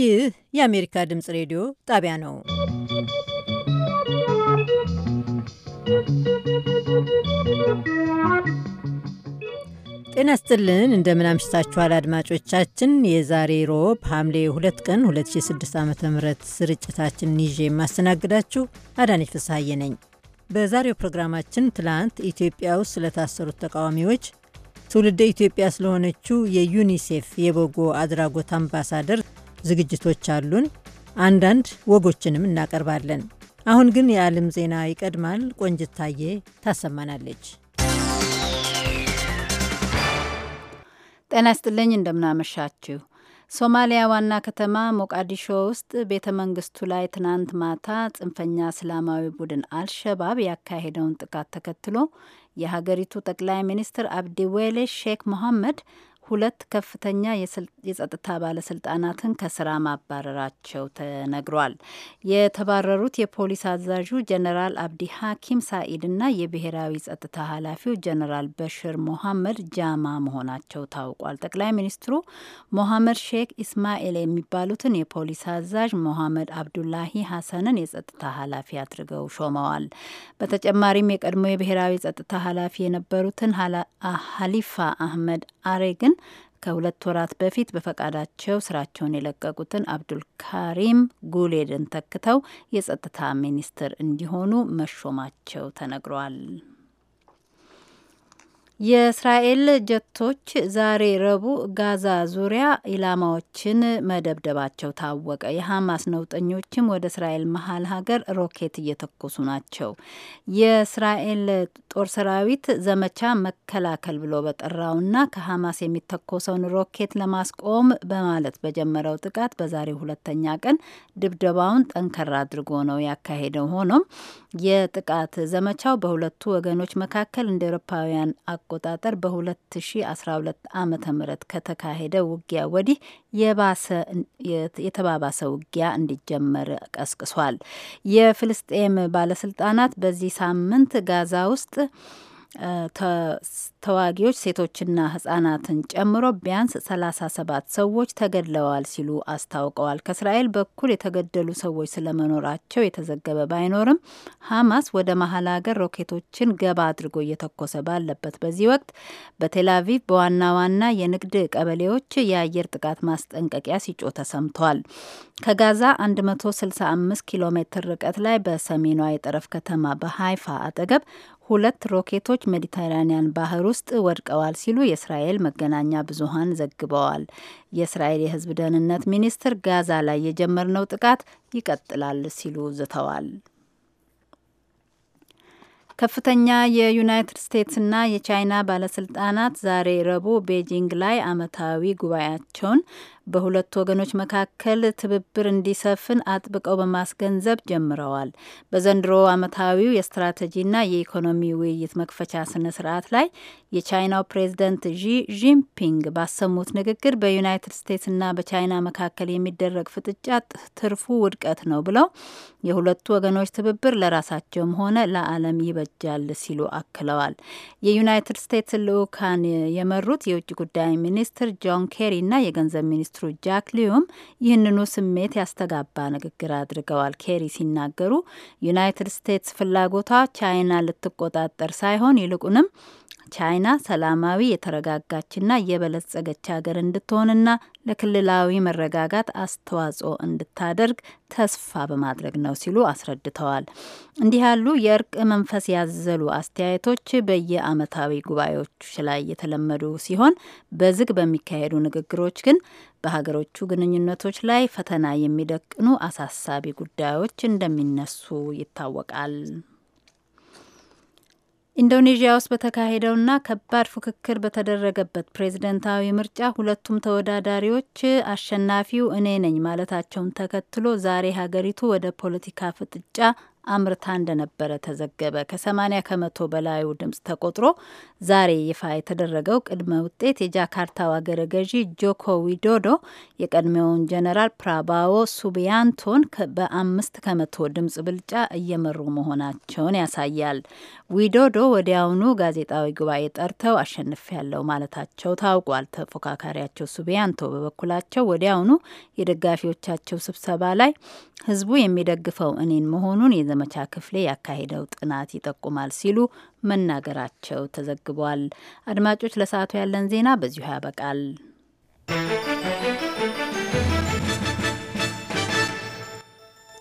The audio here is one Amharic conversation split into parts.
ይህ የአሜሪካ ድምፅ ሬዲዮ ጣቢያ ነው። ጤና ስጥልን፣ እንደምን አምሽታችኋል አድማጮቻችን። የዛሬ ሮብ ሐምሌ 2 ቀን 2006 ዓ ም ስርጭታችንን ይዤ የማስተናግዳችሁ አዳነች ፍስሐዬ ነኝ። በዛሬው ፕሮግራማችን ትላንት ኢትዮጵያ ውስጥ ስለታሰሩት ተቃዋሚዎች፣ ትውልደ ኢትዮጵያ ስለሆነችው የዩኒሴፍ የበጎ አድራጎት አምባሳደር ዝግጅቶች አሉን። አንዳንድ ወጎችንም እናቀርባለን። አሁን ግን የዓለም ዜና ይቀድማል። ቆንጅታዬ ታሰማናለች። ጤና ይስጥልኝ እንደምናመሻችሁ ሶማሊያ ዋና ከተማ ሞቃዲሾ ውስጥ ቤተ መንግስቱ ላይ ትናንት ማታ ጽንፈኛ እስላማዊ ቡድን አልሸባብ ያካሄደውን ጥቃት ተከትሎ የሀገሪቱ ጠቅላይ ሚኒስትር አብዲ ዌሌ ሼክ መሐመድ ሁለት ከፍተኛ የጸጥታ ባለስልጣናትን ከስራ ማባረራቸው ተነግሯል። የተባረሩት የፖሊስ አዛዡ ጀነራል አብዲ ሐኪም ሳኢድና የብሔራዊ ጸጥታ ኃላፊው ጀነራል በሽር ሞሐመድ ጃማ መሆናቸው ታውቋል። ጠቅላይ ሚኒስትሩ ሞሐመድ ሼክ ኢስማኤል የሚባሉትን የፖሊስ አዛዥ ሞሐመድ አብዱላሂ ሀሰንን የጸጥታ ኃላፊ አድርገው ሾመዋል። በተጨማሪም የቀድሞ የብሔራዊ ጸጥታ ኃላፊ የነበሩትን ሀሊፋ አህመድ አሬ ግን ከሁለት ወራት በፊት በፈቃዳቸው ስራቸውን የለቀቁትን አብዱልካሪም ጉሌድን ተክተው የጸጥታ ሚኒስትር እንዲሆኑ መሾማቸው ተነግሯል። የእስራኤል ጀቶች ዛሬ ረቡዕ ጋዛ ዙሪያ ኢላማዎችን መደብደባቸው ታወቀ። የሐማስ ነውጠኞችም ወደ እስራኤል መሀል ሀገር ሮኬት እየተኮሱ ናቸው። የእስራኤል ጦር ሰራዊት ዘመቻ መከላከል ብሎ በጠራውና ከሐማስ የሚተኮሰውን ሮኬት ለማስቆም በማለት በጀመረው ጥቃት በዛሬው ሁለተኛ ቀን ድብደባውን ጠንከራ አድርጎ ነው ያካሄደው። ሆኖም የጥቃት ዘመቻው በሁለቱ ወገኖች መካከል እንደ ኤሮፓውያን አቆጣጠር በ2012 ዓ ም ከተካሄደ ውጊያ ወዲህ የተባባሰ ውጊያ እንዲጀመር ቀስቅሷል። የፍልስጤም ባለስልጣናት በዚህ ሳምንት ጋዛ ውስጥ ተዋጊዎች ሴቶችና ህጻናትን ጨምሮ ቢያንስ 37 ሰዎች ተገድለዋል ሲሉ አስታውቀዋል። ከእስራኤል በኩል የተገደሉ ሰዎች ስለመኖራቸው የተዘገበ ባይኖርም ሀማስ ወደ መሀል ሀገር ሮኬቶችን ገባ አድርጎ እየተኮሰ ባለበት በዚህ ወቅት በቴላቪቭ በዋና ዋና የንግድ ቀበሌዎች የአየር ጥቃት ማስጠንቀቂያ ሲጮ ተሰምቷል። ከጋዛ 165 ኪሎ ሜትር ርቀት ላይ በሰሜኗ የጠረፍ ከተማ በሀይፋ አጠገብ ሁለት ሮኬቶች ሜዲተራኒያን ባህር ውስጥ ወድቀዋል ሲሉ የእስራኤል መገናኛ ብዙሃን ዘግበዋል። የእስራኤል የህዝብ ደህንነት ሚኒስትር ጋዛ ላይ የጀመርነው ጥቃት ይቀጥላል ሲሉ ዝተዋል። ከፍተኛ የዩናይትድ ስቴትስና የቻይና ባለስልጣናት ዛሬ ረቡዕ ቤጂንግ ላይ አመታዊ ጉባኤያቸውን በሁለቱ ወገኖች መካከል ትብብር እንዲሰፍን አጥብቀው በማስገንዘብ ጀምረዋል። በዘንድሮ አመታዊው የስትራቴጂና የኢኮኖሚ ውይይት መክፈቻ ስነ ስርዓት ላይ የቻይናው ፕሬዚደንት ዢ ጂንፒንግ ባሰሙት ንግግር በዩናይትድ ስቴትስና በቻይና መካከል የሚደረግ ፍጥጫ ትርፉ ውድቀት ነው ብለው የሁለቱ ወገኖች ትብብር ለራሳቸውም ሆነ ለዓለም ይበ ይበጃል ሲሉ አክለዋል። የዩናይትድ ስቴትስ ልዑካን የመሩት የውጭ ጉዳይ ሚኒስትር ጆን ኬሪ እና የገንዘብ ሚኒስትሩ ጃክ ሊዩም ይህንኑ ስሜት ያስተጋባ ንግግር አድርገዋል። ኬሪ ሲናገሩ ዩናይትድ ስቴትስ ፍላጎቷ ቻይና ልትቆጣጠር ሳይሆን ይልቁንም ቻይና ሰላማዊ የተረጋጋችና የበለጸገች ሀገር እንድትሆንና ለክልላዊ መረጋጋት አስተዋጽኦ እንድታደርግ ተስፋ በማድረግ ነው ሲሉ አስረድተዋል። እንዲህ ያሉ የእርቅ መንፈስ ያዘሉ አስተያየቶች በየአመታዊ ጉባኤዎች ላይ የተለመዱ ሲሆን በዝግ በሚካሄዱ ንግግሮች ግን በሀገሮቹ ግንኙነቶች ላይ ፈተና የሚደቅኑ አሳሳቢ ጉዳዮች እንደሚነሱ ይታወቃል። ኢንዶኔዥያ ውስጥ በተካሄደውና ከባድ ፉክክር በተደረገበት ፕሬዝደንታዊ ምርጫ ሁለቱም ተወዳዳሪዎች አሸናፊው እኔ ነኝ ማለታቸውን ተከትሎ ዛሬ ሀገሪቱ ወደ ፖለቲካ ፍጥጫ አምርታ እንደነበረ ተዘገበ። ከ80 ከመቶ በላዩ ድምፅ ተቆጥሮ ዛሬ ይፋ የተደረገው ቅድመ ውጤት የጃካርታው አገረ ገዢ ጆኮ ዊዶዶ የቀድሞውን ጀነራል ፕራባዎ ሱቢያንቶን በአምስት ከመቶ ድምፅ ብልጫ እየመሩ መሆናቸውን ያሳያል። ዊዶዶ ወዲያውኑ ጋዜጣዊ ጉባኤ ጠርተው አሸንፊያለሁ ማለታቸው ታውቋል። ተፎካካሪያቸው ሱቢያንቶ በበኩላቸው ወዲያውኑ የደጋፊዎቻቸው ስብሰባ ላይ ህዝቡ የሚደግፈው እኔን መሆኑን የዘመቻ ክፍሌ ያካሄደው ጥናት ይጠቁማል ሲሉ መናገራቸው ተዘግቧል። አድማጮች፣ ለሰዓቱ ያለን ዜና በዚሁ ያበቃል።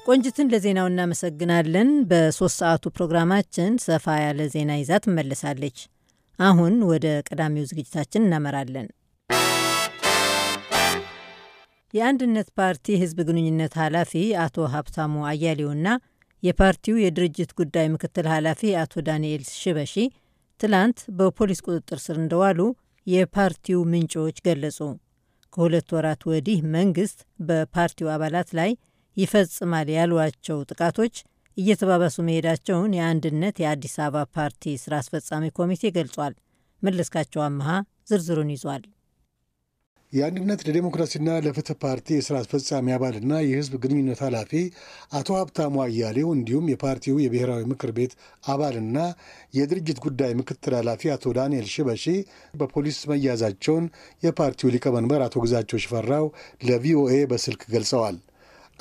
ቆንጅትን ለዜናው እናመሰግናለን። በሶስት ሰዓቱ ፕሮግራማችን ሰፋ ያለ ዜና ይዛ ትመለሳለች። አሁን ወደ ቀዳሚው ዝግጅታችን እናመራለን። የአንድነት ፓርቲ ህዝብ ግንኙነት ኃላፊ አቶ ሀብታሙ አያሌውና የፓርቲው የድርጅት ጉዳይ ምክትል ኃላፊ አቶ ዳንኤል ሽበሺ ትላንት በፖሊስ ቁጥጥር ስር እንደዋሉ የፓርቲው ምንጮች ገለጹ። ከሁለት ወራት ወዲህ መንግስት በፓርቲው አባላት ላይ ይፈጽማል ያሏቸው ጥቃቶች እየተባባሱ መሄዳቸውን የአንድነት የአዲስ አበባ ፓርቲ ስራ አስፈጻሚ ኮሚቴ ገልጿል። መለስካቸው አመሃ ዝርዝሩን ይዟል። የአንድነት ለዴሞክራሲና ለፍትህ ፓርቲ የስራ አስፈጻሚ አባልና የህዝብ ግንኙነት ኃላፊ አቶ ሀብታሙ አያሌው እንዲሁም የፓርቲው የብሔራዊ ምክር ቤት አባልና የድርጅት ጉዳይ ምክትል ኃላፊ አቶ ዳንኤል ሽበሺ በፖሊስ መያዛቸውን የፓርቲው ሊቀመንበር አቶ ግዛቸው ሽፈራው ለቪኦኤ በስልክ ገልጸዋል።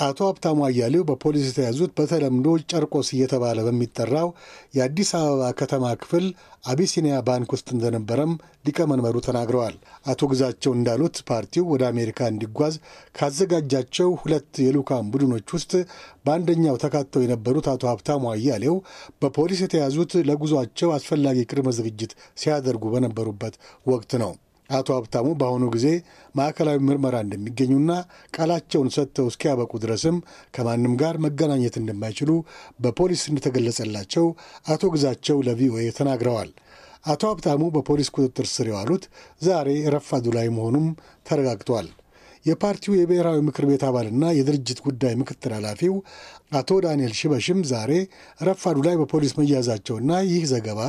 አቶ ሀብታሙ አያሌው በፖሊስ የተያዙት በተለምዶ ጨርቆስ እየተባለ በሚጠራው የአዲስ አበባ ከተማ ክፍል አቢሲኒያ ባንክ ውስጥ እንደነበረም ሊቀመንበሩ ተናግረዋል። አቶ ግዛቸው እንዳሉት ፓርቲው ወደ አሜሪካ እንዲጓዝ ካዘጋጃቸው ሁለት የልዑካን ቡድኖች ውስጥ በአንደኛው ተካተው የነበሩት አቶ ሀብታሙ አያሌው በፖሊስ የተያዙት ለጉዟቸው አስፈላጊ ቅድመ ዝግጅት ሲያደርጉ በነበሩበት ወቅት ነው። አቶ ሀብታሙ በአሁኑ ጊዜ ማዕከላዊ ምርመራ እንደሚገኙና ቃላቸውን ሰጥተው እስኪያበቁ ድረስም ከማንም ጋር መገናኘት እንደማይችሉ በፖሊስ እንደተገለጸላቸው አቶ ግዛቸው ለቪኦኤ ተናግረዋል። አቶ ሀብታሙ በፖሊስ ቁጥጥር ስር የዋሉት ዛሬ ረፋዱ ላይ መሆኑም ተረጋግጧል። የፓርቲው የብሔራዊ ምክር ቤት አባልና የድርጅት ጉዳይ ምክትል ኃላፊው አቶ ዳንኤል ሽበሽም ዛሬ ረፋዱ ላይ በፖሊስ መያዛቸውና ይህ ዘገባ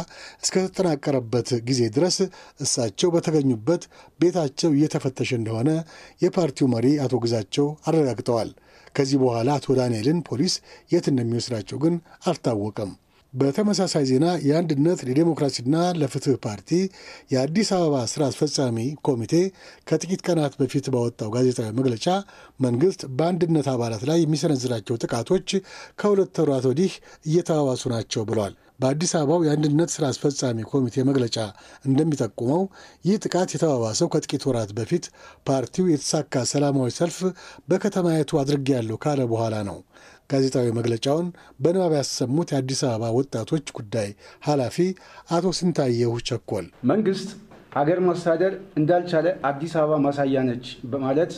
እስከተጠናቀረበት ጊዜ ድረስ እሳቸው በተገኙበት ቤታቸው እየተፈተሸ እንደሆነ የፓርቲው መሪ አቶ ግዛቸው አረጋግጠዋል። ከዚህ በኋላ አቶ ዳንኤልን ፖሊስ የት እንደሚወስዳቸው ግን አልታወቀም። በተመሳሳይ ዜና የአንድነት ለዴሞክራሲና ለፍትህ ፓርቲ የአዲስ አበባ ስራ አስፈጻሚ ኮሚቴ ከጥቂት ቀናት በፊት ባወጣው ጋዜጣዊ መግለጫ መንግስት በአንድነት አባላት ላይ የሚሰነዝራቸው ጥቃቶች ከሁለት ወራት ወዲህ እየተባባሱ ናቸው ብሏል። በአዲስ አበባው የአንድነት ስራ አስፈጻሚ ኮሚቴ መግለጫ እንደሚጠቁመው ይህ ጥቃት የተባባሰው ከጥቂት ወራት በፊት ፓርቲው የተሳካ ሰላማዊ ሰልፍ በከተማይቱ አድርጌያለሁ ካለ በኋላ ነው። ጋዜጣዊ መግለጫውን በንባብ ያሰሙት የአዲስ አበባ ወጣቶች ጉዳይ ኃላፊ አቶ ስንታየሁ ቸኮል መንግስት ሀገር ማስተዳደር እንዳልቻለ አዲስ አበባ ማሳያ ነች በማለት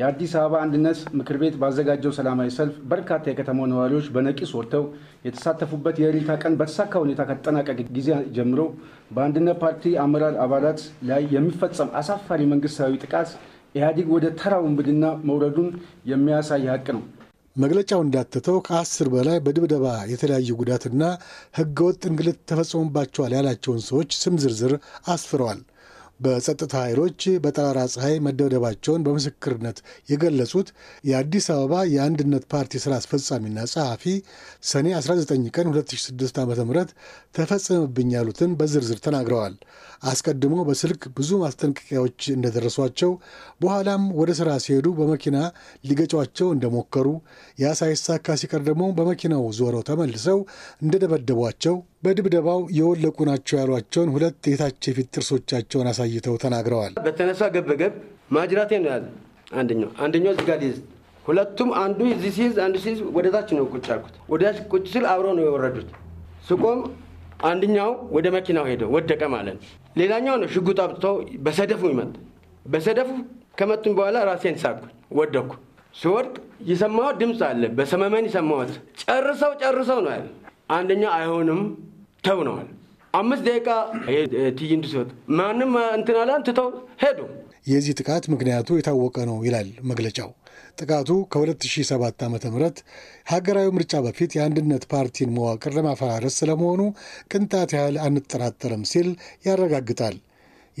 የአዲስ አበባ አንድነት ምክር ቤት ባዘጋጀው ሰላማዊ ሰልፍ በርካታ የከተማው ነዋሪዎች በነቂስ ወጥተው የተሳተፉበት የእልልታ ቀን በተሳካ ሁኔታ ከተጠናቀቀ ጊዜ ጀምሮ በአንድነት ፓርቲ አመራር አባላት ላይ የሚፈጸም አሳፋሪ መንግስታዊ ጥቃት ኢህአዲግ ወደ ተራ ውንብድና መውረዱን የሚያሳይ ሀቅ ነው። መግለጫው እንዳተተው ከአስር በላይ በድብደባ የተለያዩ ጉዳትና ህገወጥ እንግልት ተፈጽሞባቸዋል ያላቸውን ሰዎች ስም ዝርዝር አስፍረዋል። በጸጥታ ኃይሎች በጠራራ ፀሐይ መደብደባቸውን በምስክርነት የገለጹት የአዲስ አበባ የአንድነት ፓርቲ ሥራ አስፈጻሚና ጸሐፊ ሰኔ 19 ቀን 2006 ዓ ም ተፈጸመብኝ ያሉትን በዝርዝር ተናግረዋል። አስቀድሞ በስልክ ብዙ ማስጠንቀቂያዎች እንደደረሷቸው፣ በኋላም ወደ ሥራ ሲሄዱ በመኪና ሊገጯቸው እንደሞከሩ፣ ያ ሳይሳካ ሲቀር ደግሞ በመኪናው ዞረው ተመልሰው እንደደበደቧቸው በድብደባው የወለቁ ናቸው ያሏቸውን ሁለት የታች የፊት ጥርሶቻቸውን አሳይተው ተናግረዋል። በተነሳ ገበገብ ማጅራቴ ነው ያለ አንደኛው አንደኛው እዚህ ጋር ሊይዝ ሁለቱም አንዱ እዚህ ሲይዝ አንዱ ሲይዝ ወደ ታች ነው ቁጭ አልኩት። ወደ ታች ቁጭ ስል አብረው ነው የወረዱት። ስቆም አንደኛው ወደ መኪናው ሄደ ወደቀ ማለት ነው። ሌላኛው ነው ሽጉጥ አብጥተው በሰደፉ ይመጣ በሰደፉ ከመቱን በኋላ ራሴን ሳኩ ወደኩ። ሲወድቅ የሰማሁት ድምፅ አለ በሰመመን የሰማሁት ጨርሰው ጨርሰው ነው ያለ አንደኛ አይሆንም ተውነዋል። አምስት ደቂቃ ትዕይንት ሲወጥ ማንም እንትን አላን ትተው ሄዱ። የዚህ ጥቃት ምክንያቱ የታወቀ ነው ይላል መግለጫው። ጥቃቱ ከ2007 ዓ ም ሀገራዊ ምርጫ በፊት የአንድነት ፓርቲን መዋቅር ለማፈራረስ ስለመሆኑ ቅንጣት ያህል አንጠራጠርም ሲል ያረጋግጣል።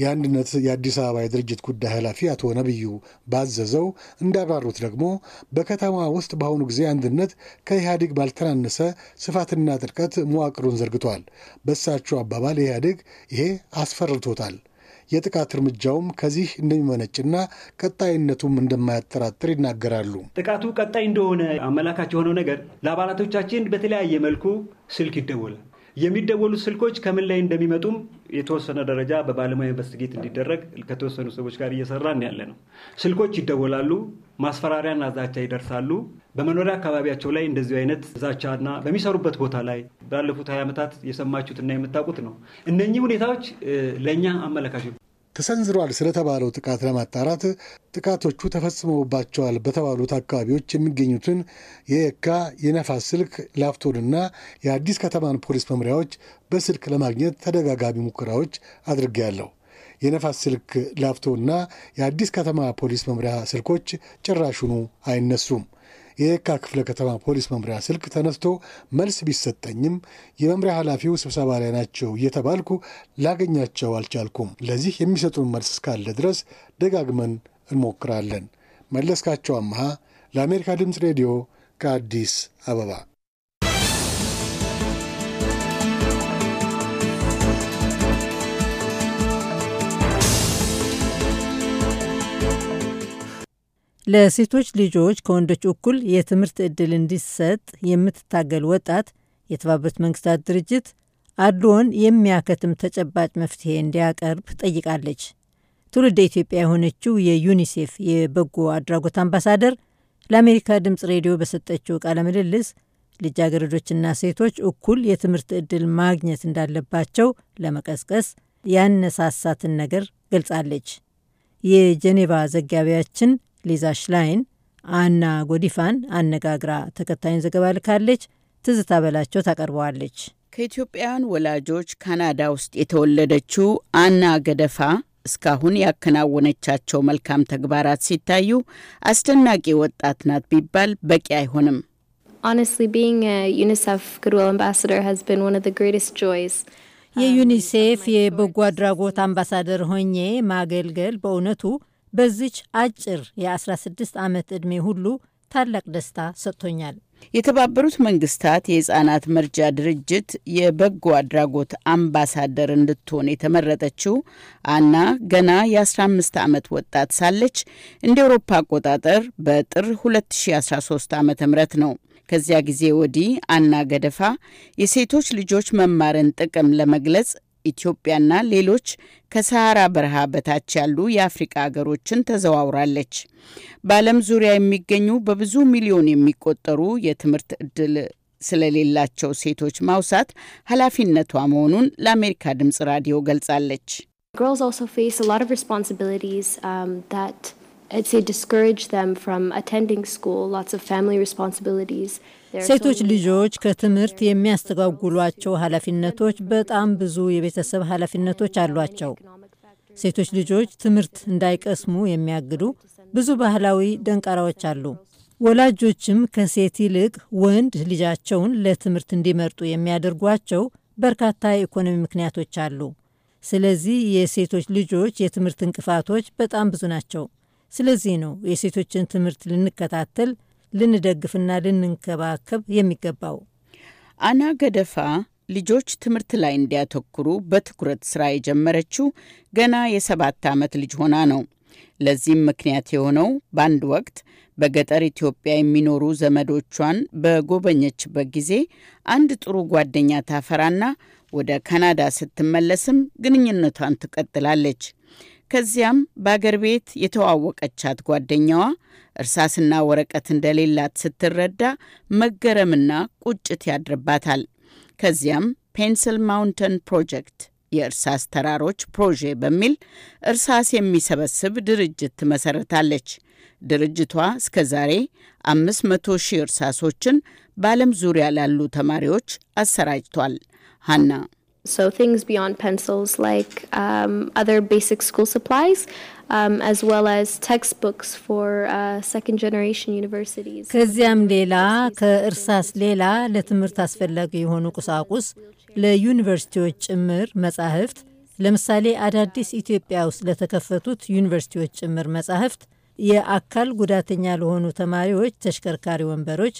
የአንድነት የአዲስ አበባ የድርጅት ጉዳይ ኃላፊ አቶ ነቢዩ ባዘዘው እንዳብራሩት ደግሞ በከተማ ውስጥ በአሁኑ ጊዜ አንድነት ከኢህአዴግ ባልተናነሰ ስፋትና ጥልቀት መዋቅሩን ዘርግቷል። በእሳቸው አባባል ኢህአዴግ ይሄ አስፈርቶታል። የጥቃት እርምጃውም ከዚህ እንደሚመነጭና ቀጣይነቱም እንደማያጠራጥር ይናገራሉ። ጥቃቱ ቀጣይ እንደሆነ አመላካች የሆነው ነገር ለአባላቶቻችን በተለያየ መልኩ ስልክ ይደወላል። የሚደወሉ ስልኮች ከምን ላይ እንደሚመጡም የተወሰነ ደረጃ በባለሙያ ኢንቨስቲጌት እንዲደረግ ከተወሰኑ ሰዎች ጋር እየሰራን ያለ ነው። ስልኮች ይደወላሉ፣ ማስፈራሪያና ዛቻ ይደርሳሉ። በመኖሪያ አካባቢያቸው ላይ እንደዚሁ አይነት ዛቻና በሚሰሩበት ቦታ ላይ ባለፉት ሀያ ዓመታት የሰማችሁትና የምታውቁት ነው። እነኚህ ሁኔታዎች ለእኛ አመለካች። ተሰንዝሯል ስለተባለው ጥቃት ለማጣራት ጥቃቶቹ ተፈጽመውባቸዋል በተባሉት አካባቢዎች የሚገኙትን የየካ የነፋስ ስልክ ላፍቶንና የአዲስ ከተማን ፖሊስ መምሪያዎች በስልክ ለማግኘት ተደጋጋሚ ሙከራዎች አድርጌያለሁ። የነፋስ ስልክ ላፍቶና የአዲስ ከተማ ፖሊስ መምሪያ ስልኮች ጭራሹኑ አይነሱም። የየካ ክፍለ ከተማ ፖሊስ መምሪያ ስልክ ተነስቶ መልስ ቢሰጠኝም የመምሪያ ኃላፊው ስብሰባ ላይ ናቸው እየተባልኩ ላገኛቸው አልቻልኩም። ለዚህ የሚሰጡን መልስ እስካለ ድረስ ደጋግመን እንሞክራለን። መለስካቸው አምሃ ለአሜሪካ ድምፅ ሬዲዮ ከአዲስ አበባ ለሴቶች ልጆች ከወንዶች እኩል የትምህርት ዕድል እንዲሰጥ የምትታገል ወጣት የተባበሩት መንግስታት ድርጅት አድልዎን የሚያከትም ተጨባጭ መፍትሄ እንዲያቀርብ ጠይቃለች። ትውልደ ኢትዮጵያ የሆነችው የዩኒሴፍ የበጎ አድራጎት አምባሳደር ለአሜሪካ ድምፅ ሬዲዮ በሰጠችው ቃለ ምልልስ ልጃገረዶችና ሴቶች እኩል የትምህርት ዕድል ማግኘት እንዳለባቸው ለመቀስቀስ ያነሳሳትን ነገር ገልጻለች። የጀኔቫ ዘጋቢያችን ሊዛ ሽላይን አና ጎዲፋን አነጋግራ ተከታዩን ዘገባ ልካለች። ትዝታ በላቸው ታቀርበዋለች። ከኢትዮጵያውያን ወላጆች ካናዳ ውስጥ የተወለደችው አና ገደፋ እስካሁን ያከናወነቻቸው መልካም ተግባራት ሲታዩ አስደናቂ ወጣት ናት ቢባል በቂ አይሆንም። የዩኒሴፍ የበጎ አድራጎት አምባሳደር ሆኜ ማገልገል በእውነቱ በዚች አጭር የ16 ዓመት ዕድሜ ሁሉ ታላቅ ደስታ ሰጥቶኛል። የተባበሩት መንግስታት የህፃናት መርጃ ድርጅት የበጎ አድራጎት አምባሳደር እንድትሆን የተመረጠችው አና ገና የ15 ዓመት ወጣት ሳለች እንደ ኤውሮፓ አቆጣጠር በጥር 2013 ዓ ም ነው። ከዚያ ጊዜ ወዲህ አና ገደፋ የሴቶች ልጆች መማርን ጥቅም ለመግለጽ ኢትዮጵያና ሌሎች ከሰሃራ በረሃ በታች ያሉ የአፍሪቃ አገሮችን ተዘዋውራለች። በዓለም ዙሪያ የሚገኙ በብዙ ሚሊዮን የሚቆጠሩ የትምህርት እድል ስለሌላቸው ሴቶች ማውሳት ኃላፊነቷ መሆኑን ለአሜሪካ ድምጽ ራዲዮ ገልጻለች። ሴቶች ልጆች ከትምህርት የሚያስተጓጉሏቸው ኃላፊነቶች በጣም ብዙ የቤተሰብ ኃላፊነቶች አሏቸው። ሴቶች ልጆች ትምህርት እንዳይቀስሙ የሚያግዱ ብዙ ባህላዊ ደንቃራዎች አሉ። ወላጆችም ከሴት ይልቅ ወንድ ልጃቸውን ለትምህርት እንዲመርጡ የሚያደርጓቸው በርካታ የኢኮኖሚ ምክንያቶች አሉ። ስለዚህ የሴቶች ልጆች የትምህርት እንቅፋቶች በጣም ብዙ ናቸው። ስለዚህ ነው የሴቶችን ትምህርት ልንከታተል፣ ልንደግፍና ልንንከባከብ የሚገባው። አና ገደፋ ልጆች ትምህርት ላይ እንዲያተኩሩ በትኩረት ስራ የጀመረችው ገና የሰባት ዓመት ልጅ ሆና ነው። ለዚህም ምክንያት የሆነው በአንድ ወቅት በገጠር ኢትዮጵያ የሚኖሩ ዘመዶቿን በጎበኘችበት ጊዜ አንድ ጥሩ ጓደኛ ታፈራና ወደ ካናዳ ስትመለስም ግንኙነቷን ትቀጥላለች። ከዚያም በአገር ቤት የተዋወቀቻት ጓደኛዋ እርሳስና ወረቀት እንደሌላት ስትረዳ መገረምና ቁጭት ያድርባታል። ከዚያም ፔንስል ማውንተን ፕሮጀክት የእርሳስ ተራሮች ፕሮጄ በሚል እርሳስ የሚሰበስብ ድርጅት ትመሰረታለች። ድርጅቷ እስከ ዛሬ 500 ሺህ እርሳሶችን በዓለም ዙሪያ ላሉ ተማሪዎች አሰራጭቷል። ሀና So things beyond pencils, like um, other basic school supplies, um, as well as textbooks for uh, second generation universities. ከዚያም ሌላ ከእርሳስ ሌላ ለትምህርት አስፈላጊ የሆኑ ቁሳቁስ ለዩኒቨርሲቲዎች ጭምር መጻሕፍት፣ ለምሳሌ አዳዲስ ኢትዮጵያ ውስጥ ለተከፈቱት ዩኒቨርሲቲዎች ጭምር መጻሕፍት፣ የአካል ጉዳተኛ ለሆኑ ተማሪዎች ተሽከርካሪ ወንበሮች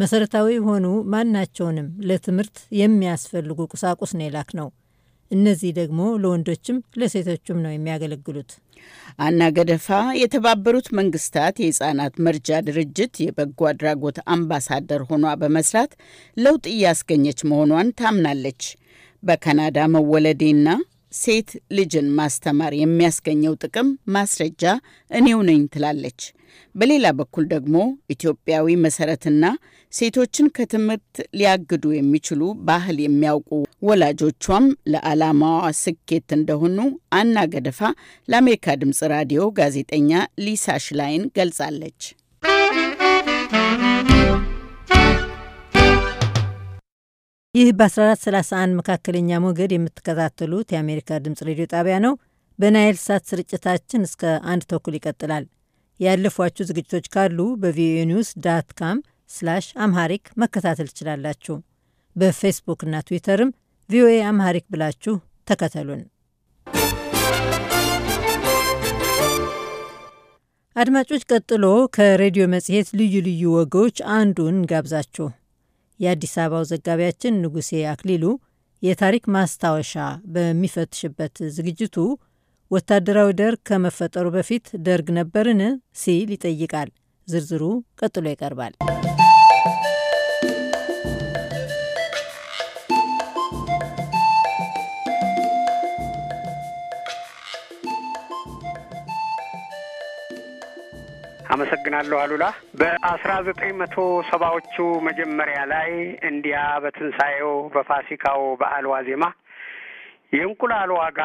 መሰረታዊ የሆኑ ማናቸውንም ለትምህርት የሚያስፈልጉ ቁሳቁስ ነው የላክ ነው። እነዚህ ደግሞ ለወንዶችም ለሴቶችም ነው የሚያገለግሉት። አና ገደፋ የተባበሩት መንግስታት የህፃናት መርጃ ድርጅት የበጎ አድራጎት አምባሳደር ሆኗ በመስራት ለውጥ እያስገኘች መሆኗን ታምናለች። በካናዳ መወለዴና ሴት ልጅን ማስተማር የሚያስገኘው ጥቅም ማስረጃ እኔው ነኝ ትላለች። በሌላ በኩል ደግሞ ኢትዮጵያዊ መሰረትና ሴቶችን ከትምህርት ሊያግዱ የሚችሉ ባህል የሚያውቁ ወላጆቿም ለዓላማዋ ስኬት እንደሆኑ አና ገደፋ ለአሜሪካ ድምጽ ራዲዮ ጋዜጠኛ ሊሳ ሽላይን ገልጻለች። ይህ በ1431 መካከለኛ ሞገድ የምትከታተሉት የአሜሪካ ድምፅ ሬዲዮ ጣቢያ ነው። በናይል ሳት ስርጭታችን እስከ አንድ ተኩል ይቀጥላል። ያለፏችሁ ዝግጅቶች ካሉ በቪኦኤ ኒውስ ዳት ካም ስላሽ አምሃሪክ መከታተል ትችላላችሁ። በፌስቡክና ትዊተርም ቪኦኤ አምሃሪክ ብላችሁ ተከተሉን። አድማጮች፣ ቀጥሎ ከሬዲዮ መጽሔት ልዩ ልዩ ወጎች አንዱን ጋብዛችሁ የአዲስ አበባው ዘጋቢያችን ንጉሴ አክሊሉ የታሪክ ማስታወሻ በሚፈትሽበት ዝግጅቱ ወታደራዊ ደርግ ከመፈጠሩ በፊት ደርግ ነበርን ሲል ይጠይቃል። ዝርዝሩ ቀጥሎ ይቀርባል። አመሰግናለሁ አሉላ። በአስራ ዘጠኝ መቶ ሰባዎቹ መጀመሪያ ላይ እንዲያ በትንሣኤው በፋሲካው በዓል ዋዜማ የእንቁላል ዋጋ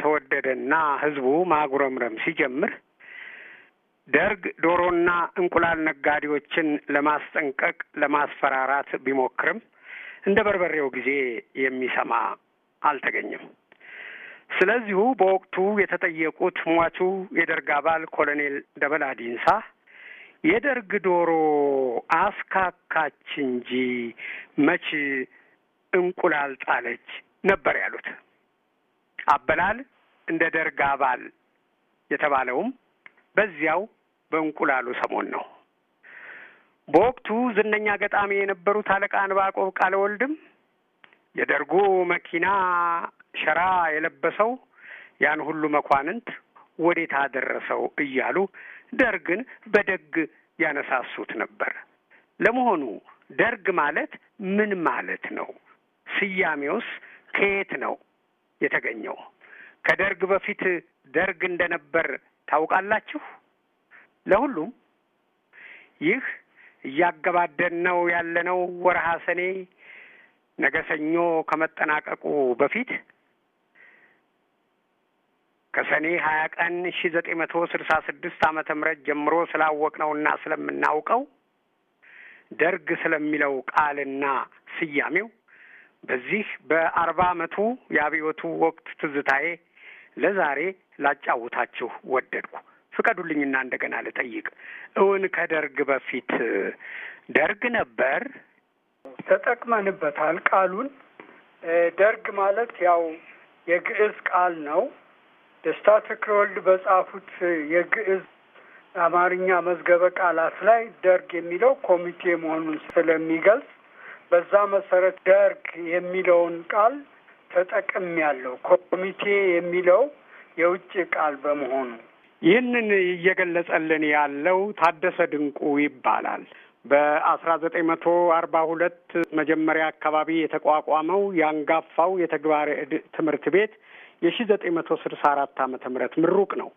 ተወደደና ህዝቡ ማጉረምረም ሲጀምር ደርግ ዶሮና እንቁላል ነጋዴዎችን ለማስጠንቀቅ ለማስፈራራት ቢሞክርም እንደ በርበሬው ጊዜ የሚሰማ አልተገኘም። ስለዚሁ በወቅቱ የተጠየቁት ሟቹ የደርግ አባል ኮሎኔል ደበላ ዲንሳ የደርግ ዶሮ አስካካች እንጂ መች እንቁላል ጣለች ነበር ያሉት። አበላል እንደ ደርግ አባል የተባለውም በዚያው በእንቁላሉ ሰሞን ነው። በወቅቱ ዝነኛ ገጣሚ የነበሩት አለቃ አንባቆብ ቃለወልድም የደርጉ መኪና ሸራ የለበሰው ያን ሁሉ መኳንንት ወዴት አደረሰው እያሉ ደርግን በደግ ያነሳሱት ነበር። ለመሆኑ ደርግ ማለት ምን ማለት ነው? ስያሜውስ ከየት ነው የተገኘው? ከደርግ በፊት ደርግ እንደነበር ታውቃላችሁ? ለሁሉም ይህ እያገባደን ነው ያለነው ወርሃ ሰኔ ነገ ሰኞ ከመጠናቀቁ በፊት ከሰኔ ሀያ ቀን ሺ ዘጠኝ መቶ ስልሳ ስድስት ዓመተ ምህረት ጀምሮ ስላወቅነውና ስለምናውቀው ደርግ ስለሚለው ቃልና ስያሜው በዚህ በአርባ ዓመቱ የአብዮቱ ወቅት ትዝታዬ ለዛሬ ላጫውታችሁ ወደድኩ። ፍቀዱልኝና እንደገና ልጠይቅ። እውን ከደርግ በፊት ደርግ ነበር? ተጠቅመንበታል ቃሉን። ደርግ ማለት ያው የግዕዝ ቃል ነው። ደስታ ተክለወልድ በጻፉት የግዕዝ አማርኛ መዝገበ ቃላት ላይ ደርግ የሚለው ኮሚቴ መሆኑን ስለሚገልጽ በዛ መሰረት ደርግ የሚለውን ቃል ተጠቅም ያለው ኮሚቴ የሚለው የውጭ ቃል በመሆኑ ይህንን እየገለጸልን ያለው ታደሰ ድንቁ ይባላል። በአስራ ዘጠኝ መቶ አርባ ሁለት መጀመሪያ አካባቢ የተቋቋመው የአንጋፋው የተግባር ዕድ ትምህርት ቤት የሺ ዘጠኝ መቶ ስልሳ አራት ዓመተ ምህረት ምሩቅ ነው።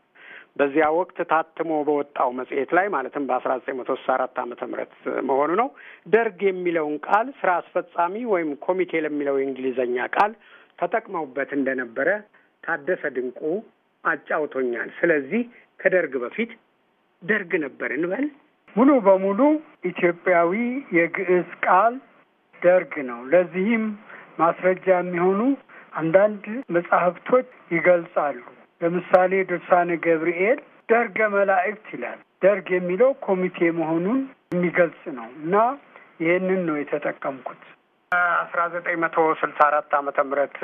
በዚያ ወቅት ታትሞ በወጣው መጽሔት ላይ ማለትም በአስራ ዘጠኝ መቶ ስልሳ አራት ዓመተ ምህረት መሆኑ ነው። ደርግ የሚለውን ቃል ስራ አስፈጻሚ ወይም ኮሚቴ ለሚለው የእንግሊዝኛ ቃል ተጠቅመውበት እንደነበረ ታደሰ ድንቁ አጫውቶኛል። ስለዚህ ከደርግ በፊት ደርግ ነበር እንበል። ሙሉ በሙሉ ኢትዮጵያዊ የግዕዝ ቃል ደርግ ነው። ለዚህም ማስረጃ የሚሆኑ አንዳንድ መጽሐፍቶች ይገልጻሉ። ለምሳሌ ድርሳነ ገብርኤል ደርገ መላእክት ይላል። ደርግ የሚለው ኮሚቴ መሆኑን የሚገልጽ ነው እና ይህንን ነው የተጠቀምኩት። አስራ ዘጠኝ መቶ ስልሳ አራት አመተ ምህረት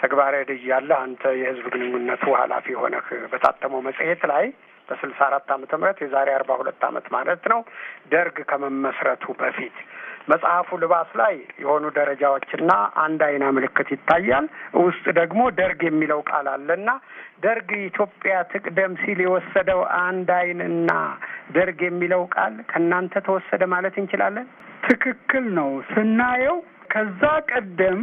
ተግባራዊ ልጅ ያለ አንተ የህዝብ ግንኙነቱ ኃላፊ ሆነህ በታተመው መጽሔት ላይ በስልሳ አራት አመተ ምህረት የዛሬ አርባ ሁለት ዓመት ማለት ነው ደርግ ከመመስረቱ በፊት መጽሐፉ ልባስ ላይ የሆኑ ደረጃዎችና አንድ አይና ምልክት ይታያል። ውስጥ ደግሞ ደርግ የሚለው ቃል አለና ደርግ ኢትዮጵያ ትቅደም ሲል የወሰደው አንድ አይንና ደርግ የሚለው ቃል ከእናንተ ተወሰደ ማለት እንችላለን። ትክክል ነው። ስናየው ከዛ ቀደም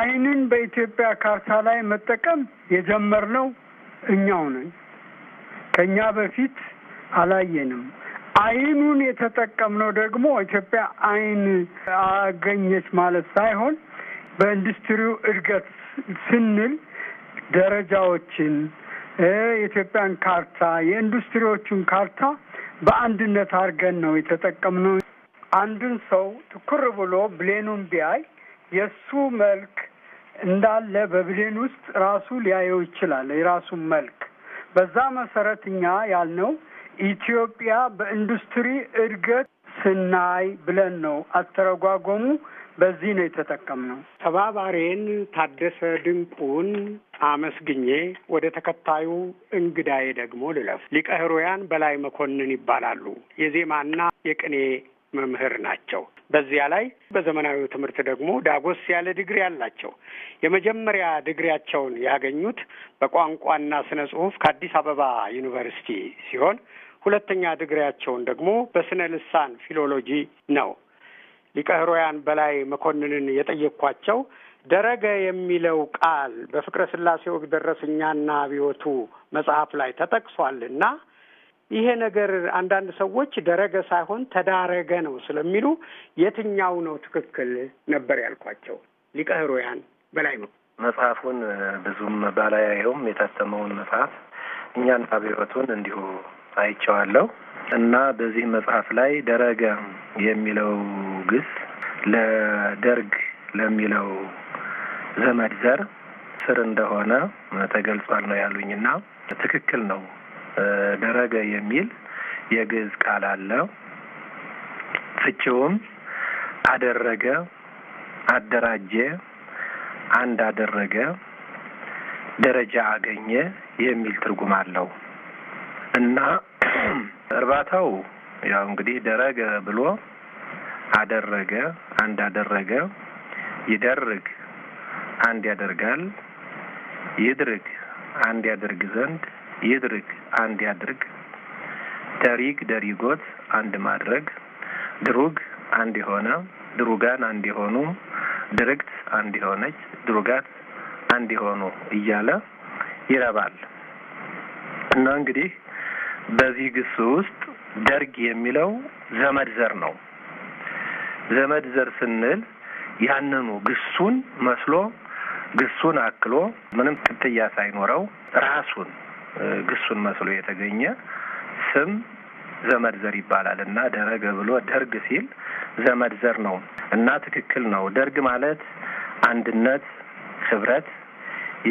አይንን በኢትዮጵያ ካርታ ላይ መጠቀም የጀመርነው እኛው ነን። ከእኛ በፊት አላየንም። አይኑን የተጠቀምነው ደግሞ ኢትዮጵያ አይን አገኘች ማለት ሳይሆን በኢንዱስትሪው እድገት ስንል ደረጃዎችን የኢትዮጵያን ካርታ የኢንዱስትሪዎቹን ካርታ በአንድነት አድርገን ነው የተጠቀምነው። አንድን ሰው ትኩር ብሎ ብሌኑን ቢያይ የእሱ መልክ እንዳለ በብሌን ውስጥ ራሱ ሊያየው ይችላል። የራሱን መልክ በዛ መሰረት እኛ ያልነው ኢትዮጵያ በኢንዱስትሪ እድገት ስናይ ብለን ነው አተረጓጎሙ። በዚህ ነው የተጠቀምነው። ተባባሬን ታደሰ ድንቁን አመስግኜ ወደ ተከታዩ እንግዳዬ ደግሞ ልለፍ። ሊቀ ሕሩያን በላይ መኮንን ይባላሉ። የዜማና የቅኔ መምህር ናቸው። በዚያ ላይ በዘመናዊው ትምህርት ደግሞ ዳጎስ ያለ ዲግሪ አላቸው። የመጀመሪያ ዲግሪያቸውን ያገኙት በቋንቋና ስነ ጽሑፍ ከአዲስ አበባ ዩኒቨርሲቲ ሲሆን ሁለተኛ ድግሪያቸውን ደግሞ በስነ ልሳን ፊሎሎጂ ነው። ሊቀህሮያን በላይ መኮንንን የጠየቅኳቸው ደረገ የሚለው ቃል በፍቅረ ስላሴ ወግ ደረሰኛና አብዮቱ መጽሐፍ ላይ ተጠቅሷል እና ይሄ ነገር አንዳንድ ሰዎች ደረገ ሳይሆን ተዳረገ ነው ስለሚሉ የትኛው ነው ትክክል ነበር ያልኳቸው። ሊቀህሮያን በላይ ነው መጽሐፉን ብዙም ባላያየውም የታተመውን መጽሐፍ እኛን አብዮቱን እንዲሁ አይቸዋለሁ እና በዚህ መጽሐፍ ላይ ደረገ የሚለው ግስ ለደርግ ለሚለው ዘመድ ዘር ስር እንደሆነ ተገልጿል ነው ያሉኝና ትክክል ነው። ደረገ የሚል የግዕዝ ቃል አለ። ፍቺውም አደረገ፣ አደራጀ፣ አንድ አደረገ፣ ደረጃ አገኘ የሚል ትርጉም አለው። እና እርባታው ያው እንግዲህ ደረገ ብሎ አደረገ፣ አንድ አደረገ፣ ይደርግ አንድ ያደርጋል፣ ይድርግ አንድ ያደርግ ዘንድ፣ ይድርግ አንድ ያድርግ፣ ደሪግ ደሪጎት አንድ ማድረግ፣ ድሩግ አንድ የሆነ፣ ድሩጋን አንድ የሆኑ፣ ድርግት አንድ የሆነች፣ ድሩጋት አንድ የሆኑ እያለ ይረባል እና እንግዲህ በዚህ ግስ ውስጥ ደርግ የሚለው ዘመድ ዘር ነው። ዘመድ ዘር ስንል ያንኑ ግሱን መስሎ ግሱን አክሎ ምንም ቅጥያ ሳይኖረው ራሱን ግሱን መስሎ የተገኘ ስም ዘመድ ዘር ይባላል እና ደረገ ብሎ ደርግ ሲል ዘመድ ዘር ነው እና ትክክል ነው። ደርግ ማለት አንድነት፣ ህብረት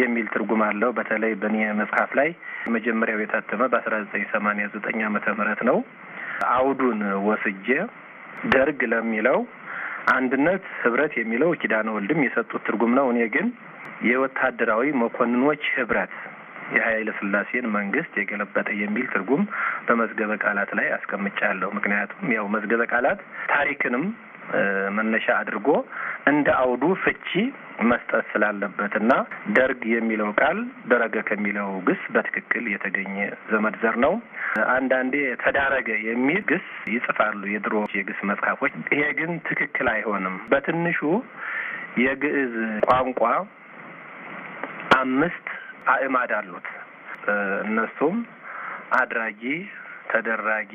የሚል ትርጉም አለው። በተለይ በእኔ መጽሐፍ ላይ መጀመሪያው የታተመ በአስራ ዘጠኝ ሰማኒያ ዘጠኝ ዓመተ ምህረት ነው። አውዱን ወስጄ ደርግ ለሚለው አንድነት ህብረት የሚለው ኪዳነ ወልድም የሰጡት ትርጉም ነው። እኔ ግን የወታደራዊ መኮንኖች ህብረት የኃይለ ሥላሴን መንግስት የገለበጠ የሚል ትርጉም በመዝገበ ቃላት ላይ አስቀምጫለሁ። ምክንያቱም ያው መዝገበ ቃላት ታሪክንም መነሻ አድርጎ እንደ አውዱ ፍቺ መስጠት ስላለበት እና ደርግ የሚለው ቃል ደረገ ከሚለው ግስ በትክክል የተገኘ ዘመድ ዘር ነው። አንዳንዴ ተዳረገ የሚል ግስ ይጽፋሉ የድሮ የግስ መጽሐፎች። ይሄ ግን ትክክል አይሆንም። በትንሹ የግዕዝ ቋንቋ አምስት አእማድ አሉት። እነሱም አድራጊ፣ ተደራጊ፣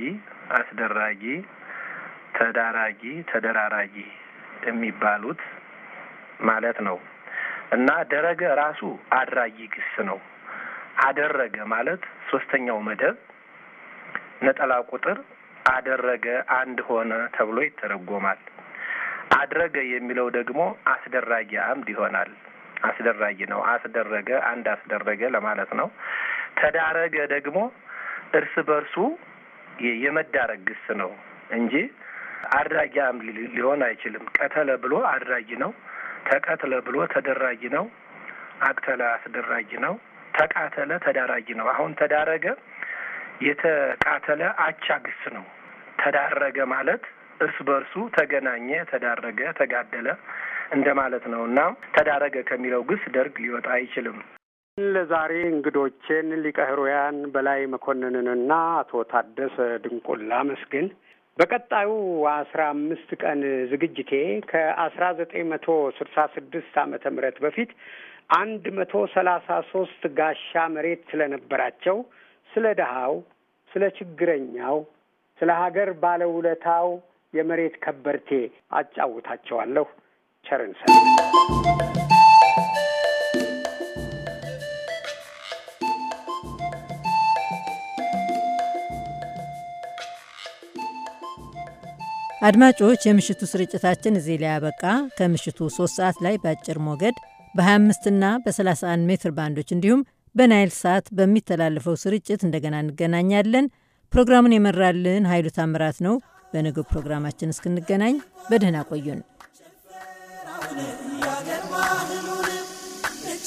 አስደራጊ፣ ተዳራጊ፣ ተደራራጊ የሚባሉት ማለት ነው እና ደረገ ራሱ አድራጊ ግስ ነው። አደረገ ማለት ሶስተኛው መደብ ነጠላ ቁጥር አደረገ አንድ ሆነ ተብሎ ይተረጎማል። አድረገ የሚለው ደግሞ አስደራጊ አምድ ይሆናል። አስደራጊ ነው። አስደረገ አንድ አስደረገ ለማለት ነው። ተዳረገ ደግሞ እርስ በርሱ የመዳረግ ግስ ነው እንጂ አድራጊ ሊሆን አይችልም። ቀተለ ብሎ አድራጊ ነው። ተቀትለ ብሎ ተደራጊ ነው። አቅተለ አስደራጊ ነው። ተቃተለ ተዳራጊ ነው። አሁን ተዳረገ የተቃተለ አቻ ግስ ነው። ተዳረገ ማለት እርስ በእርሱ ተገናኘ፣ ተዳረገ፣ ተጋደለ እንደማለት ነው እና ተዳረገ ከሚለው ግስ ደርግ ሊወጣ አይችልም። ለዛሬ እንግዶቼን ሊቀ ሕሩያን በላይ መኮንንንና አቶ ታደሰ ድንቁላ መስግን በቀጣዩ አስራ አምስት ቀን ዝግጅቴ ከአስራ ዘጠኝ መቶ ስልሳ ስድስት አመተ ምህረት በፊት አንድ መቶ ሰላሳ ሶስት ጋሻ መሬት ስለነበራቸው ስለ ድሃው፣ ስለ ችግረኛው፣ ስለ ሀገር ባለውለታው የመሬት ከበርቴ አጫውታቸዋለሁ። ቸርንሰ አድማጮች፣ የምሽቱ ስርጭታችን እዚህ ላይ ያበቃ። ከምሽቱ 3 ሰዓት ላይ በአጭር ሞገድ በ25 እና በ31 ሜትር ባንዶች እንዲሁም በናይል ሳት በሚተላለፈው ስርጭት እንደገና እንገናኛለን። ፕሮግራሙን የመራልን ኃይሉ ታምራት ነው። በንግብ ፕሮግራማችን እስክንገናኝ በደህና ቆዩን።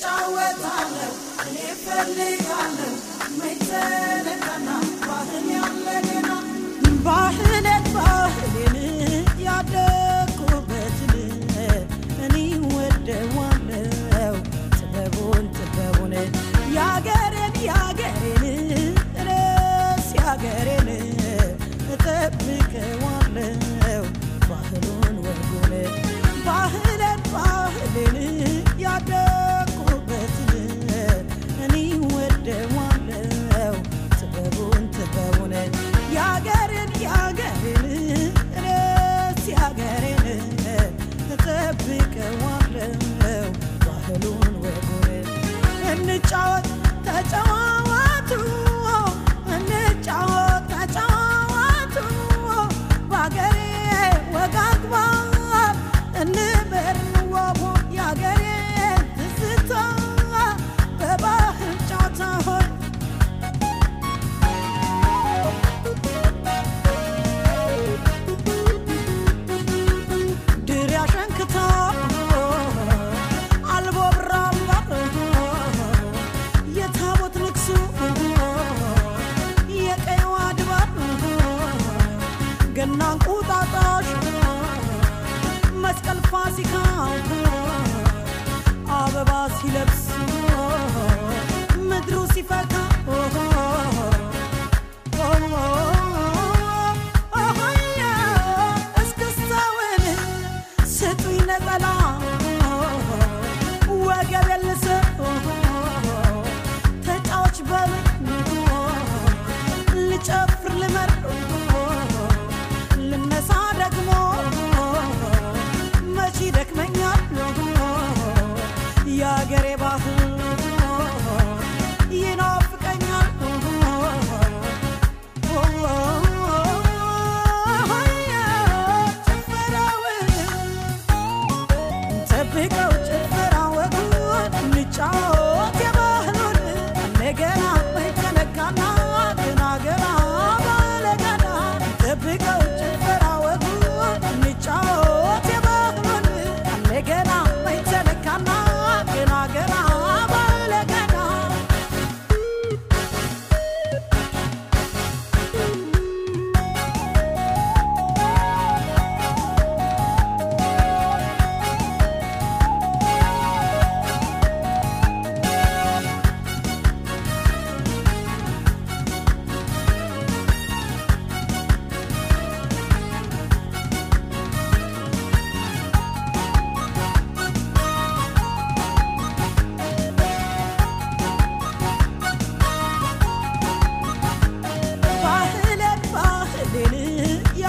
ጫወታለሁ እኔ ፈልግ qu'il a pick up